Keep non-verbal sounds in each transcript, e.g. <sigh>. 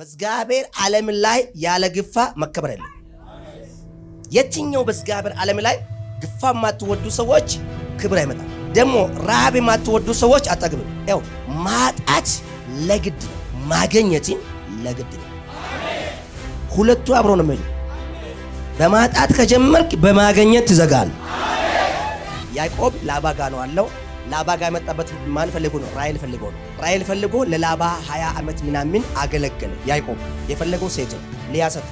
በእግዚአብሔር ዓለም ላይ ያለ ግፋ መከበር ያለ የትኛው በእግዚአብሔር ዓለም ላይ ግፋ የማትወዱ ሰዎች ክብር አይመጣም። ደግሞ ረሃብ የማትወዱ ሰዎች አጠግብም። ያው ማጣት ለግድ ነው፣ ማገኘትን ለግድ ነው። ሁለቱ አብሮ ነው የሚሄዱ። በማጣት ከጀመርክ በማገኘት ትዘጋል። ያዕቆብ ላባ ጋር ነው አለው። ላባ ጋር የመጣበት ማን ፈልጎ ነው? ራሔል ፈልጎ ነው። ራሔል ፈልጎ ለላባ 20 ዓመት ምናምን አገለገለ። ያዕቆብ የፈለገው ሴት ነው። ሊያ ሰጠ።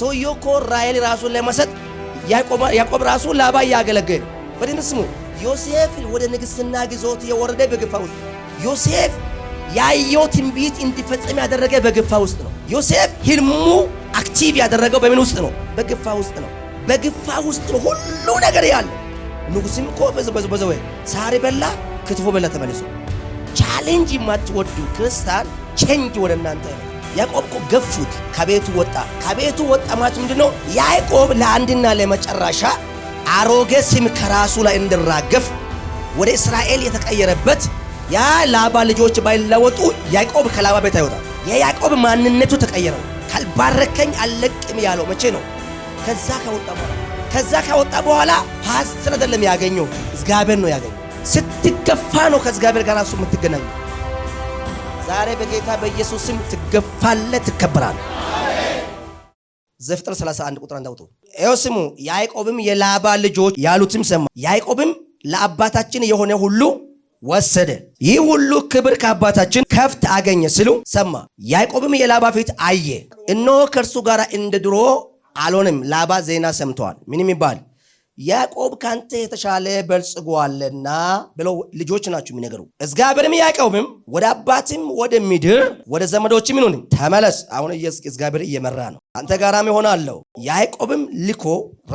ሰውየው እኮ ራሔል ራሱን ለመሰጥ ያዕቆብ ራሱ ላባ እያገለገለ በደንብ ስሙ። ዮሴፍ ወደ ንግሥትና ግዞት የወረደ በግፋ ውስጥ ዮሴፍ ያየው ትንቢት እንዲፈጸም ያደረገ በግፋ ውስጥ ነው። ዮሴፍ ህልሙ አክቲቭ ያደረገው በምን ውስጥ ነው? በግፋ ውስጥ ነው። በግፋ ውስጥ ነው ሁሉ ነገር ያለው። ንጉስም እኮ ወይ ሳሪ በላ ክትፎ በላ ተመልሶ። ቻሌንጅ የማትወዱ ክርስቲያን ቼንጅ ወደ እናንተ ያለ ያዕቆብ እኮ ገፉት፣ ከቤቱ ወጣ። ከቤቱ ወጣ ማለት ምንድን ነው? ያዕቆብ ለአንድና ለመጨረሻ አሮጌ ስም ከራሱ ላይ እንድራገፍ ወደ እስራኤል የተቀየረበት ያ ላባ ልጆች ባይለወጡ ያዕቆብ ከላባ ቤት አይወጣም። የያዕቆብ ማንነቱ ተቀየረው። ካልባረከኝ አልለቅም ያለው መቼ ነው? ከዛ ከወጣ በኋላ ከዛ ካወጣ በኋላ ፓስትን አይደለም ያገኘው፣ እግዚአብሔር ነው ያገኘው። ስትገፋ ነው ከእግዚአብሔር ጋር እሱ የምትገናኙ። ዛሬ በጌታ በኢየሱስ ስም ትገፋለህ፣ ትከበራለህ። ዘፍጥረት 31 ቁጥር አንድ ይኸው ስሙ። ያዕቆብም የላባ ልጆች ያሉትም ሰማ። ያዕቆብም ለአባታችን የሆነ ሁሉ ወሰደ፣ ይህ ሁሉ ክብር ከአባታችን ከፍት አገኘ ሲሉ ሰማ። ያዕቆብም የላባ ፊት አየ፣ እነሆ ከእርሱ ጋር እንደ ድሮ አልሆንም። ላባ ዜና ሰምተዋል። ምንም ይባል ያዕቆብ ከአንተ የተሻለ በልጽጓልና ብለው ልጆች ናቸው የሚነገሩ። እግዚአብሔርም ያዕቆብም ወደ አባትም ወደ ምድር ወደ ዘመዶችም ይኑን ተመለስ። አሁን እግዚአብሔር እየመራ ነው፣ አንተ ጋራም ይሆናለሁ። ያዕቆብም ልኮ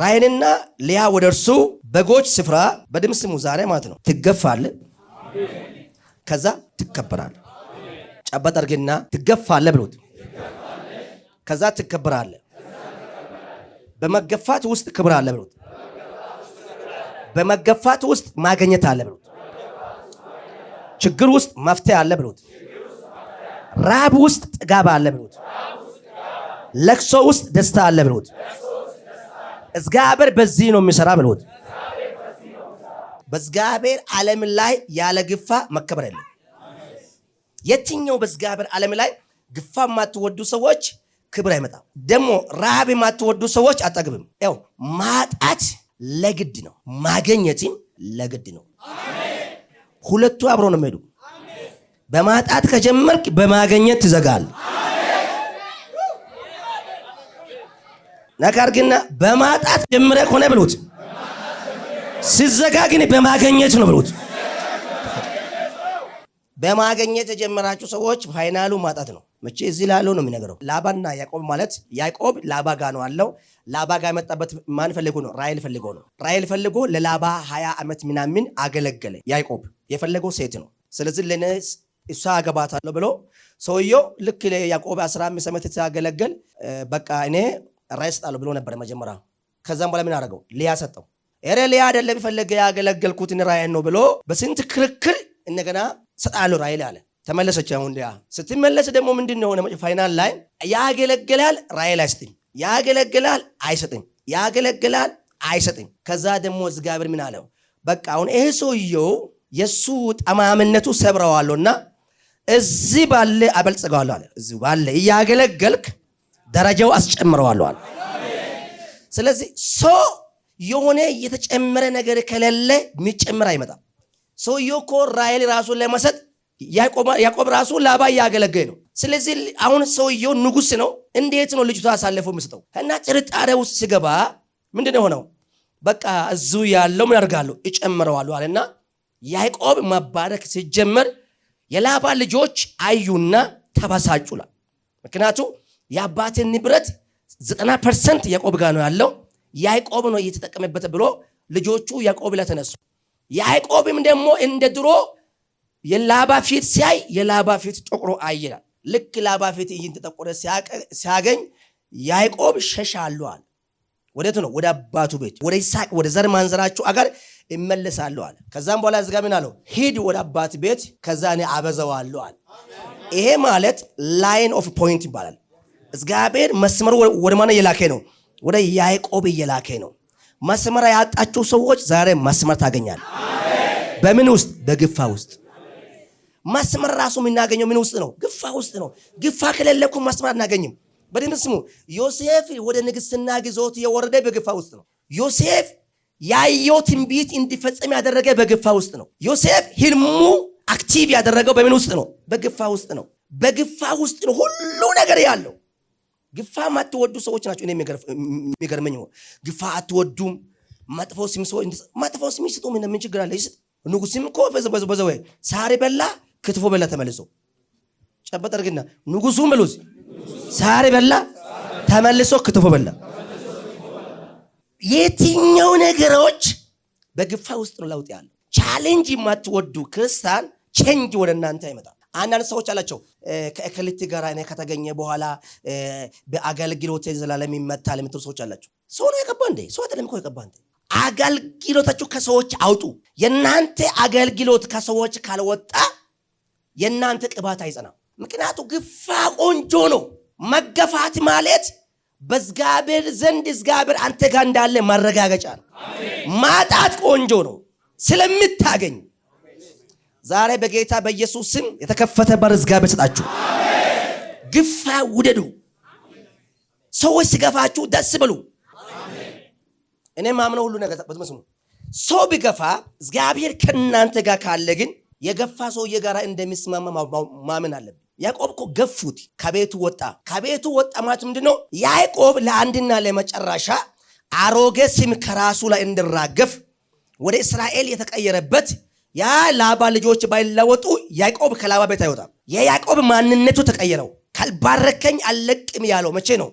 ራይንና ሊያ ወደ እርሱ በጎች ስፍራ በድምስሙ ዛሬ ማለት ነው ትገፋል ከዛ ትከበራል ጨበጠርግና ትገፋለ ብሎት ከዛ ትከበራለ በመገፋት ውስጥ ክብር አለ ብሎት፣ በመገፋት ውስጥ ማግኘት አለ ብሎት፣ ችግር ውስጥ መፍትሄ አለ ብሎት፣ ራብ ውስጥ ጥጋብ አለ ብሎት፣ ለቅሶ ውስጥ ደስታ አለ ብሎት፣ እግዚአብሔር በዚህ ነው የሚሰራ ብሎት። በእግዚአብሔር ዓለም ላይ ያለ ግፋ መከበር የለም። የትኛው በእግዚአብሔር ዓለም ላይ ግፋ የማትወዱ ሰዎች ክብር አይመጣም። ደግሞ ረሃብ የማትወዱ ሰዎች አጠግብም። ያው ማጣት ለግድ ነው፣ ማገኘትም ለግድ ነው። ሁለቱ አብሮ ነው የሚሄዱ። በማጣት ከጀመርክ በማገኘት ትዘጋል። ነገር ግን በማጣት ጀምረ ሆነ ብሎት ሲዘጋ ግን በማገኘት ነው ብሎት በማገኘት የጀመራችሁ ሰዎች ፋይናሉ ማጣት ነው። መቼ እዚህ ላለው ነው የሚነግረው። ላባና ያዕቆብ ማለት ያዕቆብ ላባ ጋ ነው አለው። ላባ ጋ የመጣበት ማን ፈልጎ ነው? ራይል ፈልጎ ነው። ራይል ፈልጎ ለላባ ሀያ ዓመት ምናምን አገለገለ። ያዕቆብ የፈለገው ሴት ነው። ስለዚህ ለእኔ እሷ አገባታለሁ ብሎ ሰውየው ልክ አስራ አምስት ዓመት ሲያገለግል በቃ እኔ ራይ ሰጣለሁ ብሎ ነበር መጀመሪያ። ከዛም በኋላ ምን አደረገው? ሊያ ሰጠው። ኤረ ሊያ አይደለም የፈለገ ያገለገልኩትን ራይን ነው ብሎ በስንት ክርክር እንደገና ሰጣለሁ ራይል አለ። ተመለሰች። አሁን ዲያ ስትመለስ ደግሞ ምንድን ሆነ ፋይናል ላይ ያገለግላል ራእይ አይሰጥም፣ ያገለግላል አይሰጥም፣ ያገለግላል አይሰጥም። ከዛ ደግሞ እግዚአብሔር ምን አለው? በቃ አሁን ይሄ ሰውየው የእሱ ጠማምነቱ ሰብረዋለሁና እዚህ ባለ አበልጽገዋለሁ አለ። እዚ ባለ እያገለገልክ ደረጃው አስጨምረዋለሁ አለ። ስለዚህ ሰው የሆነ የተጨመረ ነገር ከሌለ የሚጨምር አይመጣም። ሰውየው እኮ ራእይ ራሱን ለመሰጥ ያዕቆብ ራሱ ላባ እያገለገለ ነው። ስለዚህ አሁን ሰውየው ንጉስ ነው። እንዴት ነው ልጅቷ አሳለፈው ምስጠው እና ጥርጣሬ ውስጥ ስገባ ምንድን የሆነው በቃ እዙ ያለው ምን ያደርጋሉ እጨምረዋለሁ አለና ያዕቆብ መባረክ ሲጀመር የላባ ልጆች አዩና ተበሳጩላል። ምክንያቱ የአባትን ንብረት ዘጠና ፐርሰንት ያዕቆብ ጋር ነው ያለው ያዕቆብ ነው እየተጠቀመበት ብሎ ልጆቹ ያዕቆብ ለተነሱ ተነሱ። ያዕቆብም ደግሞ እንደ ድሮ የላባ ፊት ሲያይ የላባ ፊት ጠቁሮ አይላል። ልክ ላባ ፊት እይን ተጠቆረ ሲያገኝ ያይቆብ ሸሻ አለዋል። ወዴት ነው? ወደ አባቱ ቤት ወደ ይስሐቅ ወደ ዘር ማንዘራችሁ አገር ይመለሳለዋል ከዛም በኋላ እዚጋ ምን አለው? ሂድ ወደ አባት ቤት፣ ከዛ እኔ አበዛዋለሁ አለ። ይሄ ማለት ላይን ኦፍ ፖይንት ይባላል። እግዚአብሔር መስመሩ ወደ ማነ እየላከ ነው? ወደ ያይቆብ እየላከ ነው። መስመር ያጣችሁ ሰዎች ዛሬ መስመር ታገኛል። በምን ውስጥ? በግፋ ውስጥ መስመር ራሱ የምናገኘው ምን ውስጥ ነው? ግፋ ውስጥ ነው። ግፋ ከሌለ እኮ መስመር አናገኝም። በደንብ ስሙ። ዮሴፍ ወደ ንግስና ግዞት የወረደ በግፋ ውስጥ ነው። ዮሴፍ ያየው ትንቢት እንዲፈጸም ያደረገ በግፋ ውስጥ ነው። ዮሴፍ ህልሙ አክቲቭ ያደረገው በምን ውስጥ ነው? በግፋ ውስጥ ነው። በግፋ ውስጥ ነው ሁሉ ነገር ያለው። ግፋ ማትወዱ ሰዎች ናቸው። እኔ የሚገርመኝ ግፋ አትወዱም። መጥፎ ስም ሰው መጥፎ ስም ይስጡ፣ ምን ችግር አለ? ንጉስም እኮ በዘወ ሳሪ በላ ክትፎ በላ ተመልሶ ጨበጥ አድርግና ንጉሱ ምሉዝ ሳሪ በላ ተመልሶ ክትፎ በላ። የትኛው ነገሮች በግፋ ውስጥ ነው ለውጥ ያለው። ቻሌንጅ የማትወዱ ክርስቲያን ቼንጅ ወደ እናንተ አይመጣም። አንዳንድ ሰዎች አላቸው ከእክልት ጋር እኔ ከተገኘ በኋላ በአገልግሎት ዘላለም ይመታል የምትሉ ሰዎች አላቸው። ሰው ነው የቀባ እንዴ? ሰው አይደለም እኮ የቀባ እንዴ? አገልግሎታችሁ ከሰዎች አውጡ። የእናንተ አገልግሎት ከሰዎች ካልወጣ የእናንተ ቅባት አይጸናም። ምክንያቱ ግፋ ቆንጆ ነው። መገፋት ማለት በእግዚአብሔር ዘንድ እግዚአብሔር አንተ ጋር እንዳለ ማረጋገጫ ነው። ማጣት ቆንጆ ነው ስለምታገኝ። ዛሬ በጌታ በኢየሱስ ስም የተከፈተ በር እዝጋብር ሰጣችሁ። ግፋ ውደዱ። ሰዎች ሲገፋችሁ ደስ ብሉ። እኔ ማምነው ሁሉ ነገር ሰው ቢገፋ እግዚአብሔር ከእናንተ ጋር ካለ ግን የገፋ ሰውዬ የጋራ እንደሚስማማ ማመን አለብን። ያዕቆብ እኮ ገፉት፣ ከቤቱ ወጣ። ከቤቱ ወጣ ማለት ምንድነው ነው? ያዕቆብ ለአንድና ለመጨረሻ አሮጌ ስም ከራሱ ላይ እንዲራገፍ ወደ እስራኤል የተቀየረበት ያ ላባ ልጆች ባይለወጡ ያዕቆብ ከላባ ቤት አይወጣም። የያዕቆብ ማንነቱ ተቀየረው። ካልባረከኝ አልለቅም ያለው መቼ ነው?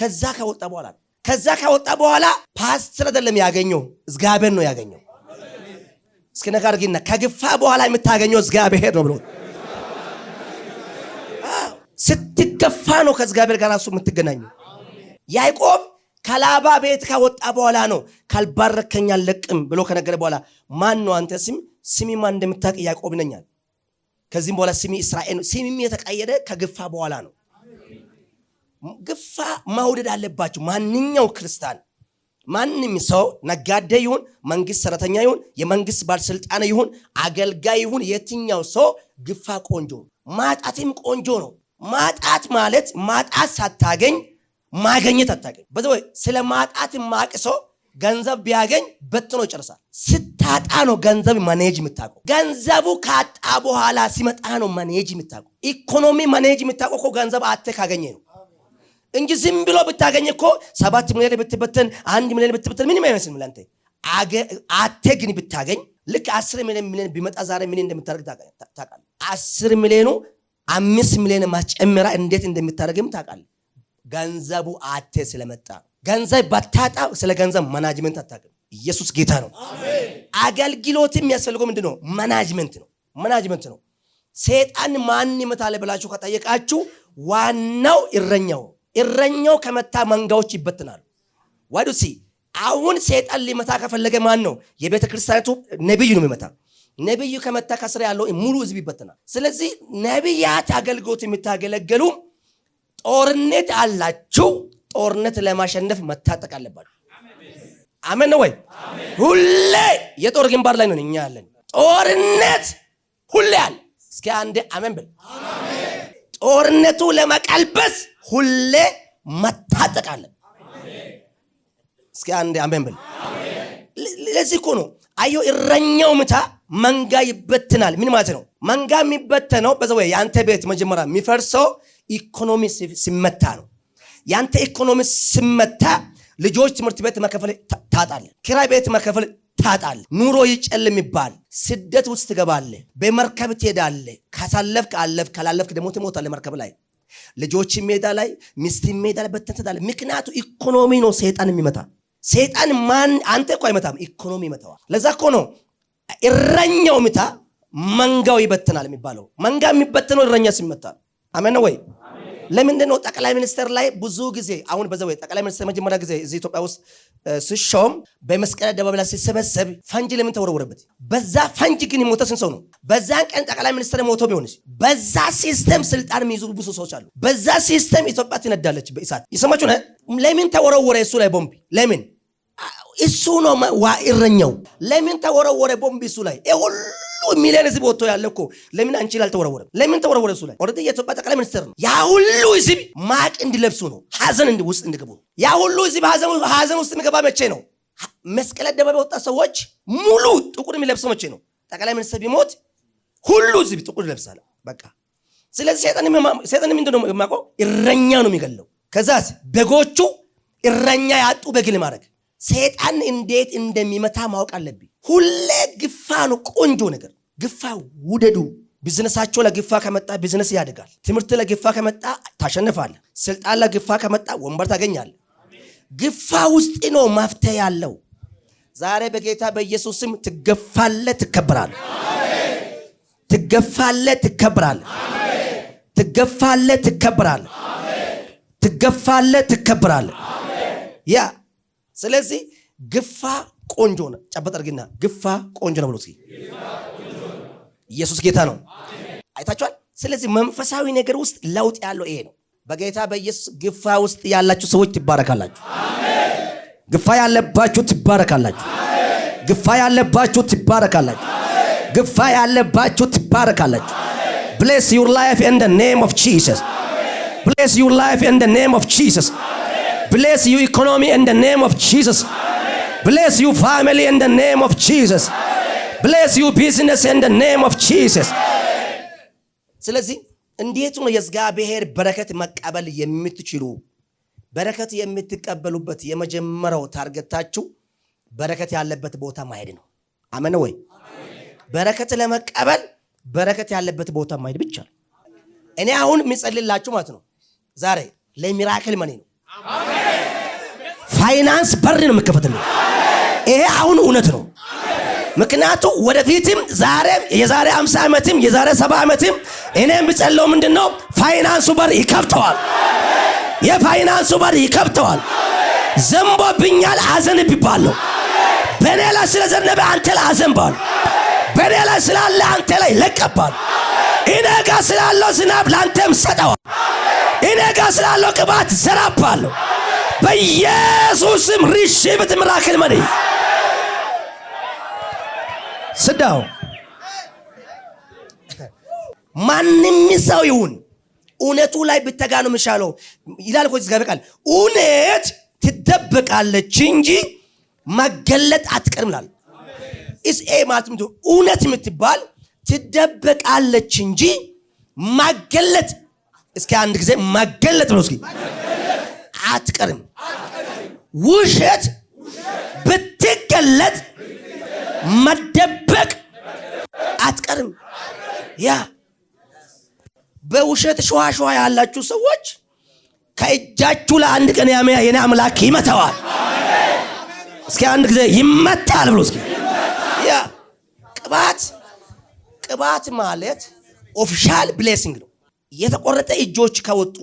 ከዛ ከወጣ በኋላ ከዛ ከወጣ በኋላ ፓስተር አይደለም ያገኘው፣ እግዚአብሔር ነው ያገኘው። እስኪ ነገር ግን ከግፋ በኋላ የምታገኘው እግዚአብሔር ነው ብሎ ስትገፋ ነው ከእግዚአብሔር ጋር እሱ የምትገናኘው። ያዕቆብ ከላባ ቤት ከወጣ በኋላ ነው ካልባረከኝ አልለቅም ብሎ ከነገረ በኋላ ማን ነው አንተ ስም ስሚ ማን እንደምታውቅ ያዕቆብ ይነኛል። ከዚህም በኋላ ስሚ እስራኤል ነው። ስሚም የተቀየረ ከግፋ በኋላ ነው። ግፋ ማውደድ አለባቸው ማንኛው ክርስቲያን ማንም ሰው ነጋዴ ይሁን፣ መንግስት ሰራተኛ ይሁን፣ የመንግስት ባለስልጣን ይሁን፣ አገልጋይ ይሁን፣ የትኛው ሰው ግፋ ቆንጆ ማጣትም ቆንጆ ነው። ማጣት ማለት ማጣት ሳታገኝ ማገኘት አታገኝ። በዚ ስለ ማጣት ማቅ ሰው ገንዘብ ቢያገኝ በጥኖ ይጨርሳል። ስታጣ ነው ገንዘብ ማኔጅ የምታውቀው። ገንዘቡ ካጣ በኋላ ሲመጣ ነው ማኔጅ የምታውቀው። ኢኮኖሚ ማኔጅ የምታውቀው ገንዘብ አተ ካገኘ ነው። እንጂ ዝም ብሎ ብታገኝ እኮ ሰባት ሚሊዮን ብትበተን አንድ ሚሊዮን ብትበተን ምንም አይመስልም ለአንተ። አቴ ግን ብታገኝ ልክ አስር ሚሊዮን ሚሊዮን ቢመጣ ዛሬ ምን እንደምታደርግ ታውቃለህ። አስር ሚሊዮኑ አምስት ሚሊዮን ማስጨምራ እንዴት እንደምታደርግም ታውቃለህ። ገንዘቡ አቴ ስለመጣ ገንዘብ ባታጣ ስለ ገንዘብ ማናጅመንት አታውቅም። ኢየሱስ ጌታ ነው። አገልግሎት የሚያስፈልገው ምንድን ነው? ማናጅመንት ነው። ማናጅመንት ነው። ሴጣን ማን ይመታል ብላችሁ ከጠየቃችሁ ዋናው እረኛው እረኛው ከመታ መንጋዎች ይበትናሉ። ዋዱሲ አሁን ሴጣን ሊመታ ከፈለገ ማን ነው? የቤተ ክርስቲያኒቱ ነቢይ ነው የሚመታ። ነቢዩ ከመታ ከስር ያለው ሙሉ ህዝብ ይበትናል። ስለዚህ ነቢያት አገልግሎት የምታገለገሉ ጦርነት አላችሁ። ጦርነት ለማሸነፍ መታጠቅ አለባችሁ። አሜን ወይ? ሁሌ የጦር ግንባር ላይ ነው እኛ ያለን። ጦርነት ሁሌ አለ። እስኪ አንድ አሜን ብል ጦርነቱ ለመቀልበስ ሁሌ መታጠቅ አለ። እስኪ አንድ አሜን በል። ለዚህ እኮ ነው አየሁ እረኛው ምታ መንጋ ይበትናል። ምን ማለት ነው? መንጋ የሚበተነው በዛ ወይ የአንተ ቤት መጀመሪያ የሚፈርሰው ኢኮኖሚ ሲመታ ነው። የአንተ ኢኮኖሚ ሲመታ ልጆች ትምህርት ቤት መከፈል ታጣለ፣ ኪራይ ቤት መከፈል ታጣለ፣ ኑሮ ይጨል የሚባል ስደት ውስጥ ትገባለ፣ በመርከብ ትሄዳለ። ካሳለፍክ አለፍ፣ ካላለፍክ ደግሞ ትሞታለ መርከብ ላይ ልጆች ሜዳ ላይ ሚስት ሜዳ ላይ በተንተታለ። ምክንያቱ ኢኮኖሚ ነው። ሰይጣን የሚመታ ሰይጣን ማን አንተ እኮ አይመታም፣ ኢኮኖሚ ይመታዋል። ለዛ እኮ ነው እረኛው ምታ መንጋው ይበትናል የሚባለው። መንጋ የሚበትነው እረኛ ሲመታ። አሜን ወይ? ለምንድን ነው ጠቅላይ ሚኒስትር ላይ ብዙ ጊዜ አሁን በዘው ጠቅላይ ሚኒስትር መጀመሪያ ጊዜ እዚህ ኢትዮጵያ ውስጥ ሲሾም በመስቀል አደባባይ ላይ ሲሰበሰብ ፈንጅ ለምን ተወረወረበት? በዛ ፈንጅ ግን የሞተ ስንት ሰው ነው? በዛን ቀን ጠቅላይ ሚኒስትር ሞቶ ቢሆን በዛ ሲስተም ስልጣን የሚይዙ ብዙ ሰዎች አሉ። በዛ ሲስተም ኢትዮጵያ ትነዳለች በእሳት ይሰማችሁ። ለምን ተወረወረ እሱ ላይ ቦምብ? ለምን እሱ ነው ዋ እረኛው። ለምን ተወረወረ ቦምብ እሱ ላይ ሁሉ ሚሊዮን ህዝብ ወጥቶ ያለ እኮ ለምን አንቺ ላይ አልተወረወረም? ለምን ተወረወረ? እሱ ላይ ኦልሬዲ የኢትዮጵያ ጠቅላይ ሚኒስትር ነው። ያ ሁሉ ህዝብ ማቅ እንዲለብሱ ነው፣ ሀዘን ውስጥ እንዲገቡ ነው። ያ ሁሉ ህዝብ ሀዘን ውስጥ የሚገባ መቼ ነው? መስቀል አደባባይ ወጣ ሰዎች ሙሉ ጥቁር የሚለብሰው መቼ ነው? ጠቅላይ ሚኒስትር ቢሞት ሁሉ ህዝብ ጥቁር ይለብሳል። በቃ ስለዚህ ሰይጣን ምንድ ነው የማውቀው? እረኛ ነው የሚገለው። ከዛስ በጎቹ እረኛ ያጡ በግል ማድረግ ሰይጣን እንዴት እንደሚመታ ማወቅ አለብኝ። ሁሌ ግፋ ነው ቆንጆ ነገር ግፋ ውደዱ። ቢዝነሳቸው ለግፋ ከመጣ ቢዝነስ ያድጋል። ትምህርት ለግፋ ከመጣ ታሸንፋለህ። ስልጣን ለግፋ ከመጣ ወንበር ታገኛለህ። ግፋ ውስጥ ነው መፍትሄ ያለው። ዛሬ በጌታ በኢየሱስ ስም ትገፋለህ፣ ትከበራለህ። ትገፋለህ፣ ትከበራለህ። ትገፋለህ፣ ትከበራለህ። ትገፋለህ፣ ትከበራለህ። ያ ስለዚህ ግፋ ቆንጆ ነው። ጨበጥ አድርግና ግፋ ቆንጆ ነው ብሎ ኢየሱስ ጌታ ነው። አይታችኋል። ስለዚህ መንፈሳዊ ነገር ውስጥ ለውጥ ያለው ይሄ ነው። በጌታ በኢየሱስ ግፋ ውስጥ ያላችሁ ሰዎች ትባረካላችሁ። ግፋ ያለባችሁ ትባረካላችሁ። ግፋ ያለባችሁ ትባረካላችሁ። ግፋ ያለባችሁ ትባረካላችሁ። ብሌስ ዩር ላይፍ ኢን ዘ ኔም ኦፍ ጂሰስ። ብሌስ ዩር ላይፍ ኢን ዘ ኔም ኦፍ ጂሰስ። ብሌስ ዩ ኢኮኖሚ ኢን ዘ ኔም ኦፍ ጂሰስ። ብሌስ ዩ ፋሚሊ ኢን ዘ ኔም ኦፍ ጂሰስ። ብሌስ ዩ ቢዝነስ ኢን ዘ ኔም ኦፍ ጂሰስ። ስለዚህ እንዴት ነው የእግዚአብሔር በረከት መቀበል የምትችሉ? በረከት የምትቀበሉበት የመጀመሪያው ታርገታችሁ በረከት ያለበት ቦታ ማሄድ ነው። አመነ ወይ? በረከት ለመቀበል በረከት ያለበት ቦታ ማሄድ ብቻ ነው። እኔ አሁን የሚጸልላችሁ ማለት ነው ዛሬ ለሚራክል መኔ ነው ፋይናንስ በር ነው የሚከፈትልኝ። ይሄ አሁን እውነት ነው። ምክንያቱ ወደፊትም ዛሬም የዛሬ 50 ዓመትም የዛሬ 70 ዓመትም እኔም ብጸለው ምንድን ነው ፋይናንሱ በር ይከብተዋል። የፋይናንሱ በር ይከብተዋል። ዘንቦብኛል፣ አዘንብባለሁ። በእኔ ላይ ስለዘነበ አንተ ላይ አዘንባለሁ። በእኔ ላይ ስላለ አንተ ላይ ለቀባል። እኔ ጋር ስላለው ዝናብ ለአንተም ሰጠዋል። እኔ ጋር ስላለው ቅባት ዘራባለሁ። በኢየሱስም ሪሺብት ምራክል መኔ ስዳው ማንም ሰው ይሁን እውነቱ ላይ ብተጋ ነው የሚሻለው ይላል እኮ እግዚአብሔር እውነት ትደበቃለች እንጂ መገለጥ አትቀርም ይላል። እስኤ ማለት እውነት የምትባል ትደበቃለች እንጂ መገለጥ እስኪ አንድ ጊዜ መገለጥ ነው እስኪ አትቀርም። ውሸት ብትገለጥ መደበቅ አትቀርም። ያ በውሸት ሸዋሸዋ ያላችሁ ሰዎች ከእጃችሁ ለአንድ ቀን ያመያ የኔ አምላክ ይመታዋል። እስኪ አንድ ጊዜ ይመታል ብሎ እስኪ ያ ቅባት ቅባት ማለት ኦፊሻል ብሌሲንግ ነው። የተቆረጠ እጆች ከወጡ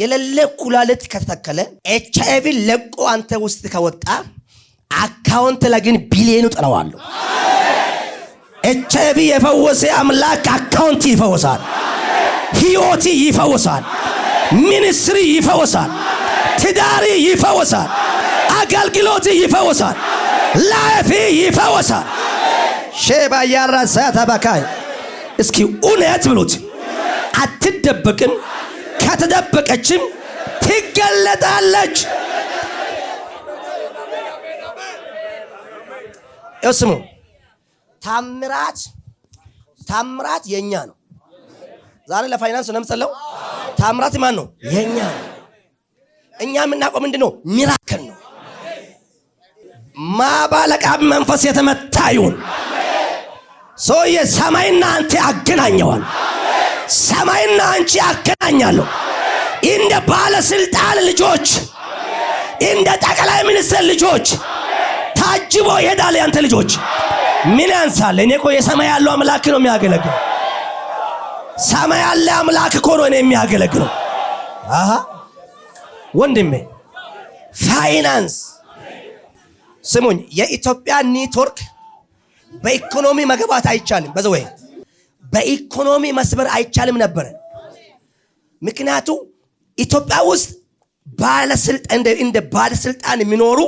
የሌለ ኩላሊት ከተተከለ ኤች አይ ቪ ለቆ አንተ ውስጥ ከወጣ አካውንት ላይ ግን ቢሊዮኑ ጥለዋለሁ። ኤች አይ ቪ የፈወሰ አምላክ አካውንት ይፈወሳል። ህይወቲ ይፈወሳል። ሚኒስትሪ ይፈወሳል። ትዳሪ ይፈወሳል። አገልግሎት ይፈወሳል። ላይፍ ይፈወሳል። ሼባ ያራሳ ተባካይ እስኪ እውነት ብሉት። አትደበቅም፣ ከተደበቀችም ትገለጣለች። እስሙ ታምራት ታምራት የኛ ነው። ዛሬ ለፋይናንስ ነው የምጸለው። ታምራት ማን ነው? የኛ ነው። እኛ የምናውቀው ምንድን ነው? ሚራክል ነው። ማባለቃ መንፈስ የተመታ ይሁን ሰውዬ። ሰማይና አንተ አገናኘዋል። ሰማይና አንቺ አገናኛለሁ እንደ ባለስልጣን ልጆች፣ እንደ ጠቅላይ ሚኒስትር ልጆች ታጅቦ ይሄዳል። ያንተ ልጆች ምን ያንሳል? እኔ እኮ የሰማይ ያለው አምላክ ነው የሚያገለግለው። ሰማይ ያለ አምላክ እኮ ነው እኔ የሚያገለግለው። አሃ ወንድሜ ፋይናንስ ስሙኝ፣ የኢትዮጵያ ኔትወርክ በኢኮኖሚ መግባት አይቻልም። በዘ ወይ በኢኮኖሚ መስበር አይቻልም ነበር። ምክንያቱ ኢትዮጵያ ውስጥ ባለስልጣን እንደ ባለስልጣን የሚኖሩ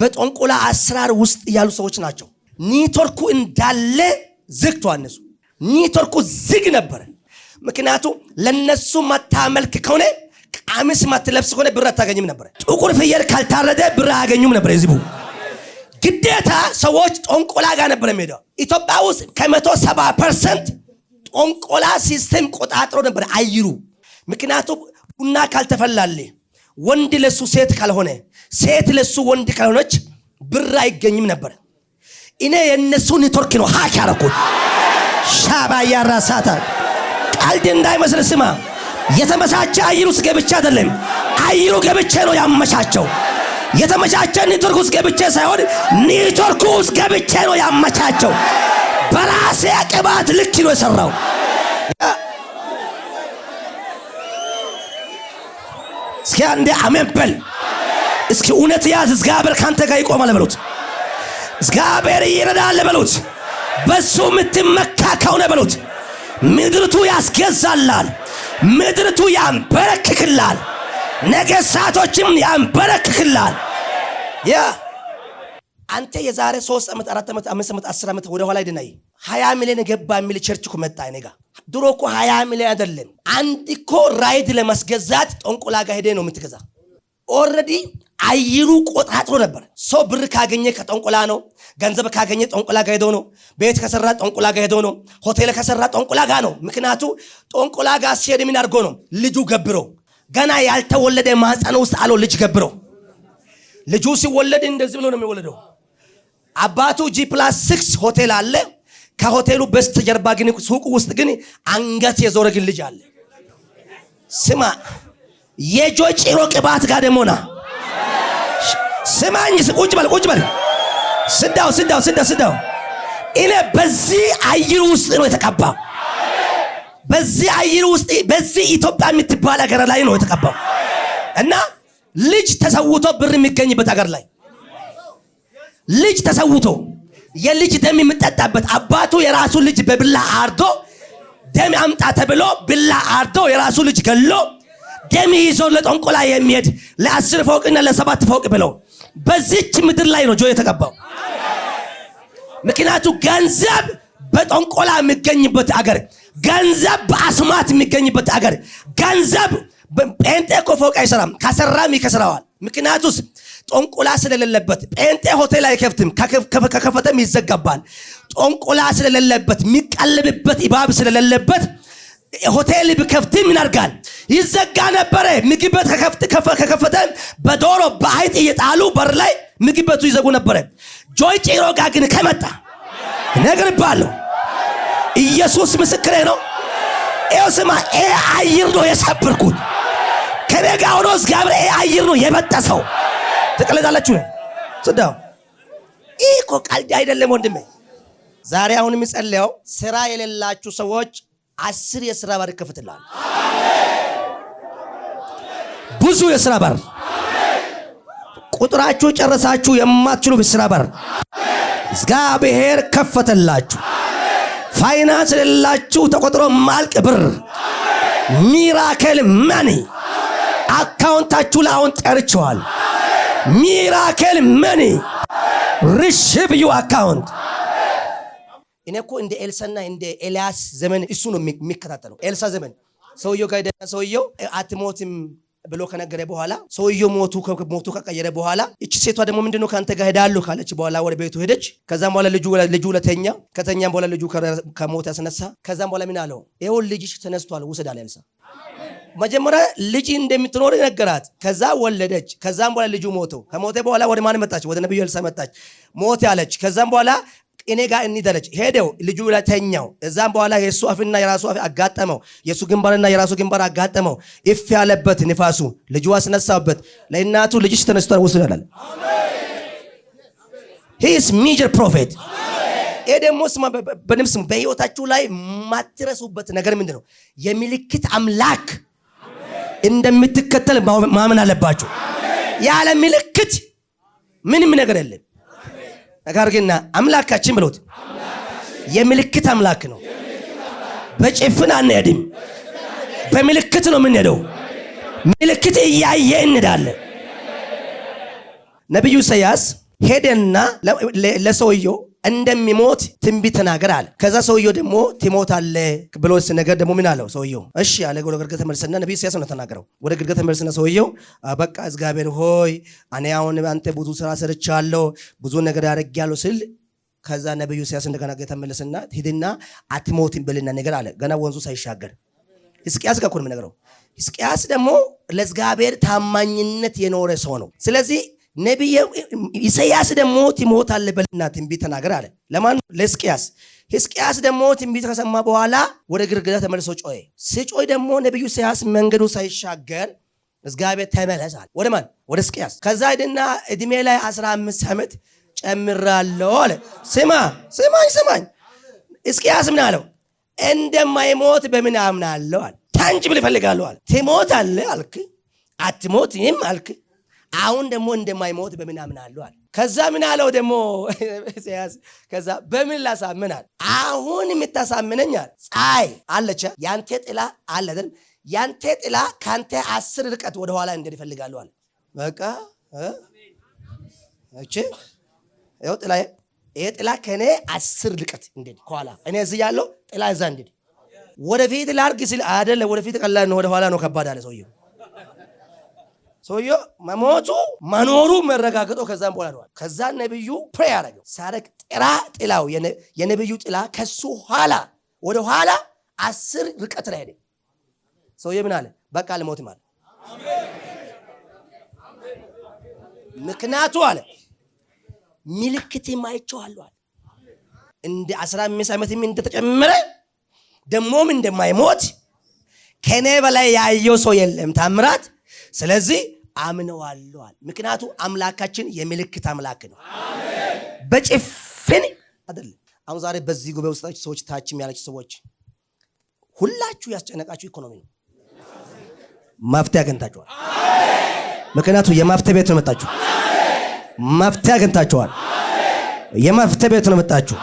በጠንቆላ አሰራር ውስጥ ያሉ ሰዎች ናቸው። ኔትወርኩ እንዳለ ዝግ ተዋነሱ። ኔትወርኩ ዝግ ነበረ። ምክንያቱም ለነሱ ማታመልክ ከሆነ ቀሚስ ማትለብስ ከሆነ ብር አታገኝም ነበረ። ጥቁር ፍየል ካልታረደ ብር አያገኙም ነበረ። ህዝቡ ግዴታ ሰዎች ጦንቆላ ጋር ነበረ የሚሄደው። ኢትዮጵያ ውስጥ ከመቶ ሰባ ፐርሰንት ጦንቆላ ሲስተም ቆጣጥሮ ነበረ አየሩ። ምክንያቱ ቡና ካልተፈላልህ ወንድ ለሱ ሴት ካልሆነ ሴት ለሱ ወንድ ካልሆነች ብር አይገኝም ነበር። እኔ የእነሱ ኔትወርክ ነው ሀክ ያረኩት። ሻባ ያራሳታ ቀልድ እንዳይመስል ስማ። የተመቻቸ አየር ውስጥ ገብቼ አይደለም አየሩ ገብቼ ነው ያመቻቸው። የተመቻቸ ኔትወርክ ውስጥ ገብቼ ሳይሆን ኔትወርክ ውስጥ ገብቼ ነው ያመቻቸው። በራሴ ቅባት ልክ ነው የሰራው። እስኪ አንዴ አሜን በል። እስኪ እውነት ያዝ። እግዚአብሔር ካንተ ጋር ይቆማል በሉት። እግዚአብሔር ይረዳል በሉት። በሱ የምትመካ ከሆነ በሉት። ምድርቱ ያስገዛላል። ምድርቱ ያንበረክክላል። ነገሥታቶችም ያንበረክክላል። ያ አንተ የዛሬ ሶስት ዓመት አራት ዓመት አምስት ዓመት አስር ዓመት ወደኋላ ድናይ ሀያ ሚሊዮን ገባ የሚል ቸርች እኮ መጣ እኔ ድሮ እኮ ሀያ ሚሊዮን አይደለም። አንድ እኮ ራይድ ለማስገዛት ጠንቆላ ጋር ሄደ ነው የምትገዛ። ኦረዲ አየሩ ቆጣጥሮ ነበር። ሰው ብር ካገኘ ከጠንቆላ ነው። ገንዘብ ካገኘ ጠንቆላ ጋር ሄደው ነው። ቤት ከሰራ ጠንቆላ ጋር ሄደው ነው። ሆቴል ከሰራ ጠንቆላ ጋር ነው። ምክንያቱ ጠንቆላ ጋ ሲሄድ ምን አድርጎ ነው? ልጁ ገብሮ ገና ያልተወለደ ማህፀን ውስጥ አለው። ልጅ ገብሮ ልጁ ሲወለድ እንደዚህ ብሎ ነው የሚወለደው። አባቱ ጂ ፕላስ ሲክስ ሆቴል አለ ከሆቴሉ በስተጀርባ ግን ሱቁ ውስጥ ግን አንገት የዞረ ግን ልጅ አለ። ስማ የጆ ጭሮ ቅባት ጋር ደግሞ ና ስማኝ። ቁጭ በል ቁጭ በል ስዳው ስዳው ስዳው ስዳው። እኔ በዚህ አየር ውስጥ ነው የተቀባው። በዚህ አየር ውስጥ በዚህ ኢትዮጵያ የምትባል ሀገር ላይ ነው የተቀባው እና ልጅ ተሰውቶ ብር የሚገኝበት ሀገር ላይ ልጅ ተሰውቶ የልጅ ደም የምጠጣበት አባቱ የራሱ ልጅ በብላ አርዶ ደም አምጣ ተብሎ ብላ አርዶ የራሱ ልጅ ገሎ ደም ይዞ ለጠንቆላ የሚሄድ ለአስር ፎቅና ለሰባት ፎቅ ብለው በዚች ምድር ላይ ነው ጆ የተቀባው። ምክንያቱ ገንዘብ በጠንቆላ የሚገኝበት አገር፣ ገንዘብ በአስማት የሚገኝበት አገር፣ ገንዘብ ጴንጤ እኮ ፎቅ አይሰራም። ከሰራም ይከስረዋል። ምክንያቱስ ጦንቁላ ስለሌለበት ጴንጤ ሆቴል አይከፍትም፣ ከከፈተም ይዘጋባል። ጦንቁላ ስለሌለበት የሚቀልብበት ኢባብ ስለሌለበት ሆቴል ብከፍትም ይናርጋል፣ ይዘጋ ነበረ። ምግብ ቤት ከከፈተ በዶሮ በአይጥ እየጣሉ በር ላይ ምግብ ቤቱ ይዘጉ ነበረ። ጆይ ጭሮ ጋ ግን ከመጣ እነግርብሃለሁ፣ ኢየሱስ ምስክሬ ነው። ይኸው ስማ፣ ይሄ አየር ነው የሰብርኩት። ከኔ ጋ ሆኖ እግዚአብሔር ይሄ አየር ነው የበጠሰው ትቀለዳላችሁ ነው ስዳው። ይህ እኮ ቀልድ አይደለም ወንድሜ። ዛሬ አሁን የሚጸለየው ስራ የሌላችሁ ሰዎች አስር የስራ በር ክፍትላል። ብዙ የስራ በር ቁጥራችሁ ጨረሳችሁ የማትችሉ ስራ በር እግዚአብሔር ከፈተላችሁ። ፋይናንስ የሌላችሁ ተቆጥሮ ማልቅ ብር ሚራክል መኒ አካውንታችሁ ላይ አሁን ጠርቸዋል። ሚራክል መኒ ሪሺቭ ዩ አካውንት። እኔ እኮ እንደ ኤልሳና እንደ ኤልያስ ዘመን እሱ ነው የሚከታተለው። ኤልሳ ዘመን ሰውየው ጋር ደና ሰውየው አትሞትም ብሎ ከነገረ በኋላ ሰውየው ሞቱ ሞቱ ከቀየረ በኋላ እቺ ሴቷ ደግሞ ምንድነው ከአንተ ጋር ሄዳለሁ ካለች በኋላ ወደ ቤቱ ሄደች። ከዛም በኋላ ልጁ ለተኛ ከተኛም በኋላ ልጁ ከሞት ያስነሳ። ከዛም በኋላ ምን አለው? ይኸው ልጅሽ ተነስቷል ውሰድ አለ ኤልሳ መጀመሪያ ልጅ እንደምትኖር ነገራት። ከዛ ወለደች። ከዛም በኋላ ልጁ ሞቶ ከሞተ በኋላ ወደ ማን መጣች? ወደ ነቢዩ ኤልሳዕ መጣች። ሞት ያለች። ከዛም በኋላ እኔ ጋር እንሂዳለች። ሄደው ልጁ ላይ ተኛው። እዛም በኋላ የእሱ አፍና የራሱ አፍ አጋጠመው። የእሱ ግንባርና የራሱ ግንባር አጋጠመው። እፍ ያለበት ንፋሱ ልጁ አስነሳበት። ለእናቱ ልጅሽ ተነስቷል ውስድ ያላል ሂስ ሚጀር ፕሮፌት ይሄ ደግሞ በንምስ በህይወታችሁ ላይ ማትረሱበት ነገር ምንድን ነው? የምልክት አምላክ እንደምትከተል ማመን አለባችሁ። ያለ ምልክት ምንም ነገር የለም። ነገር ግን አምላካችን ብሎት የምልክት አምላክ ነው። በጭፍን አንሄድም፣ በምልክት ነው የምንሄደው። ምልክት እያየ እንዳለን ነቢዩ ሰያስ ሄደና ለሰውየው እንደሚሞት ትንቢት ተናገር አለ። ከዛ ሰውየው ደግሞ ትሞት አለ ብሎ ነገር ደግሞ ምን አለው ሰውየው? እሺ አለ። ወደ ግድግዳ ተመልስና ነቢ ኢሳያስ ነው ተናገረው። ወደ ግድግዳ ተመልስና ሰውየው በቃ እግዚአብሔር ሆይ እኔ አሁን አንተ ብዙ ስራ ሰርቻለሁ፣ ብዙ ነገር አድርጌያለሁ ስል ከዛ ነቢዩ ኢሳያስ እንደገና ተመለስና ሂድና አትሞትም ብልና ነገር አለ። ገና ወንዙ ሳይሻገር ሕዝቅያስ ጋር እኮ ነው የምነግረው። ሕዝቅያስ ደግሞ ለእግዚአብሔር ታማኝነት የኖረ ሰው ነው። ስለዚህ ነቢዩ ኢሳያስ ደግሞ ትሞታለ በልና ትንቢት ተናገር አለ። ለማን? ለሕዝቅያስ። ሕዝቅያስ ደግሞ ትንቢት ከሰማ በኋላ ወደ ግርግዳ ተመልሶ ጮኸ። ሲጮህ ደግሞ ነቢዩ ኢሳያስ መንገዱ ሳይሻገር እግዚአብሔር ተመለስ ወደ ማን? ወደ ሕዝቅያስ። ከዛ ሂድና እድሜ ላይ 15 ዓመት ጨምራለሁ አለ። ስማ ስማኝ ስማኝ። ሕዝቅያስ ምን አለው? እንደማይሞት በምን አምናለሁ አለ። ታንጅ ታንጅብል እፈልጋለሁ አለ። አለ አልክ፣ አትሞት አትሞትም አልክ አሁን ደግሞ እንደማይሞት በምን አምናለሁ አለ። ከዛ ምን አለው ደግሞ <laughs> ያስ ከዛ በምን ላሳምን አለ። አሁን የምታሳምነኝ አለ ፀሐይ አለች፣ ያንተ ጥላ አለ አይደል? ያንተ ጥላ ከአንተ አስር ርቀት ወደኋላ እንደ ይፈልጋሉ አለ። በቃ እቺ ይኸው ጥላ፣ ይሄ ጥላ ከእኔ አስር ርቀት እንድሄድ ከኋላ እኔ እዚህ ያለው ጥላ እዛ እንድሄድ ወደፊት ላርግ ሲል አደለ ወደፊት ቀላል ነው፣ ወደኋላ ነው ከባድ አለ ሰውየው ሰውየ መሞቱ መኖሩ መረጋገጠው ከዛም በኋላ ነዋል። ከዛ ነብዩ ፕሬ ያደረገው ሳረቅ ጥራ ጥላው የነብዩ ጥላ ከሱ ኋላ ወደ ኋላ አስር ርቀት ላይ ሄደ። ሰውየ ምን አለ? በቃ ልሞትም አለ። ምክንያቱ አለ ምልክትም አይቼዋለሁ አለ። እንደ 15 አምስት ምን እንደተጨመረ ደግሞም እንደማይሞት ከኔ በላይ ያየው ሰው የለም ታምራት። ስለዚህ አምነዋለዋል። ምክንያቱ አምላካችን የምልክት አምላክ ነው፣ በጭፍን አይደለም። አሁን ዛሬ በዚህ ጉባኤ ውስጥ ሰዎች ታችም ያላችሁ ሰዎች ሁላችሁ ያስጨነቃችሁ ኢኮኖሚ ነው። መፍትሄ አግኝታችኋል። ምክንያቱ የመፍትሄ ቤት ነው መጣችሁ። መፍትሄ አግኝታችኋል። የመፍትሄ ቤት ነው መጣችሁ።